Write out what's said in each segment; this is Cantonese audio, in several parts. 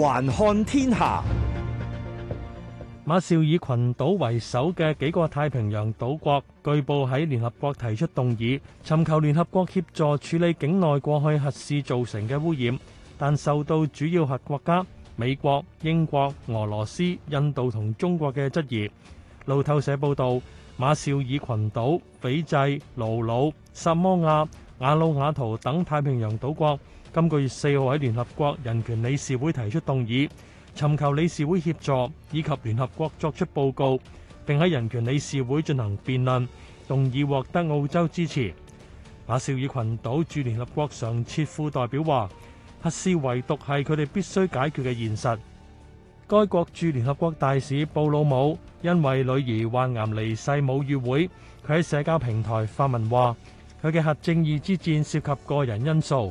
環看天下，馬紹爾群島為首嘅幾個太平洋島國，據報喺聯合國提出動議，尋求聯合國協助處理境內過去核試造成嘅污染，但受到主要核國家美國、英國、俄羅斯、印度同中國嘅質疑。路透社報道，馬紹爾群島、斐濟、盧魯、薩摩亞、瓦努阿圖等太平洋島國，今個月四號喺聯合國人權理事會提出動議，尋求理事會協助以及聯合國作出報告。並喺人權理事會進行辯論，動議獲得澳洲支持。馬紹爾群島駐聯合國常設副代表話：核試遺毒係佢哋必須解決嘅現實。該國駐聯合國大使布魯姆因為女兒患癌離世母會，母語會佢喺社交平台發文話：佢嘅核正義之戰涉及個人因素。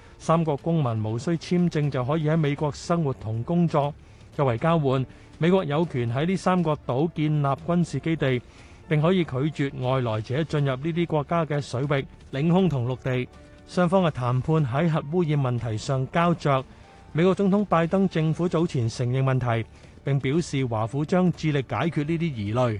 三國公民無需簽證就可以在美國生活和工作。作為交換，美國有權在這三個島建立軍事基地並可以拒絕外來者進入這些國家的水域、領空和陸地。雙方的談判在核污染問題上膠着，美國總統拜登政府早前承認問題，並表示華府將致力解決這些疑慮。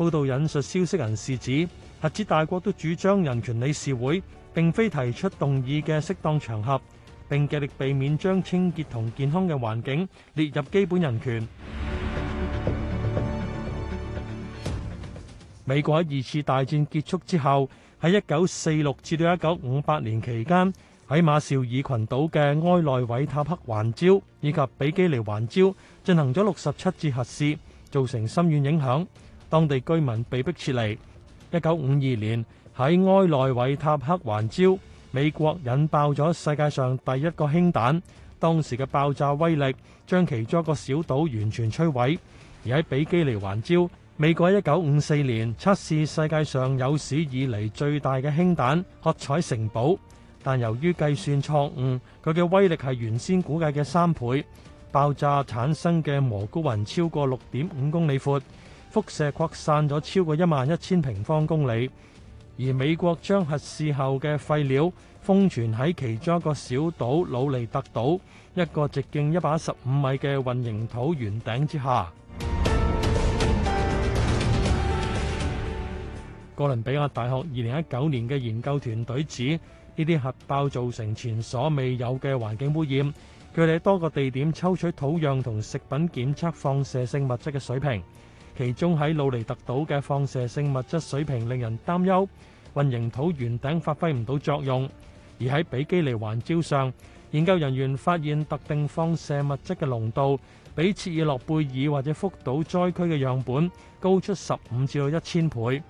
報道引述消息人士指，核子大國都主張人權理事會並非提出動議嘅適當場合，並極力避免將清潔同健康嘅環境列入基本人權。美國喺二次大戰結束之後，喺一九四六至到一九五八年期間，喺馬紹爾群島嘅埃內維塔克環礁以及比基尼環礁進行咗六十七次核試，造成深遠影響。當地居民被迫撤離。一九五二年喺埃內維塔克環礁，美國引爆咗世界上第一個氫彈，當時嘅爆炸威力將其中一個小島完全摧毀。而喺比基尼環礁，美國喺一九五四年測試世界上有史以嚟最大嘅氫彈——喝彩城堡，但由於計算錯誤，佢嘅威力係原先估計嘅三倍，爆炸產生嘅蘑菇雲超過六點五公里闊。輻射擴散咗超過一萬一千平方公里，而美國將核試後嘅廢料封存喺其中一個小島——魯尼特島，一個直徑一百一十五米嘅混凝土圓頂之下。哥倫比亞大學二零一九年嘅研究團隊指，呢啲核爆造成前所未有嘅環境污染。佢哋喺多個地點抽取土壤同食品，檢測放射性物質嘅水平。其中喺魯尼特島嘅放射性物質水平令人擔憂，混凝土圓頂發揮唔到作用；而喺比基尼環礁上，研究人員發現特定放射物質嘅濃度比切爾諾貝爾或者福島災區嘅樣本高出十五至到一千倍。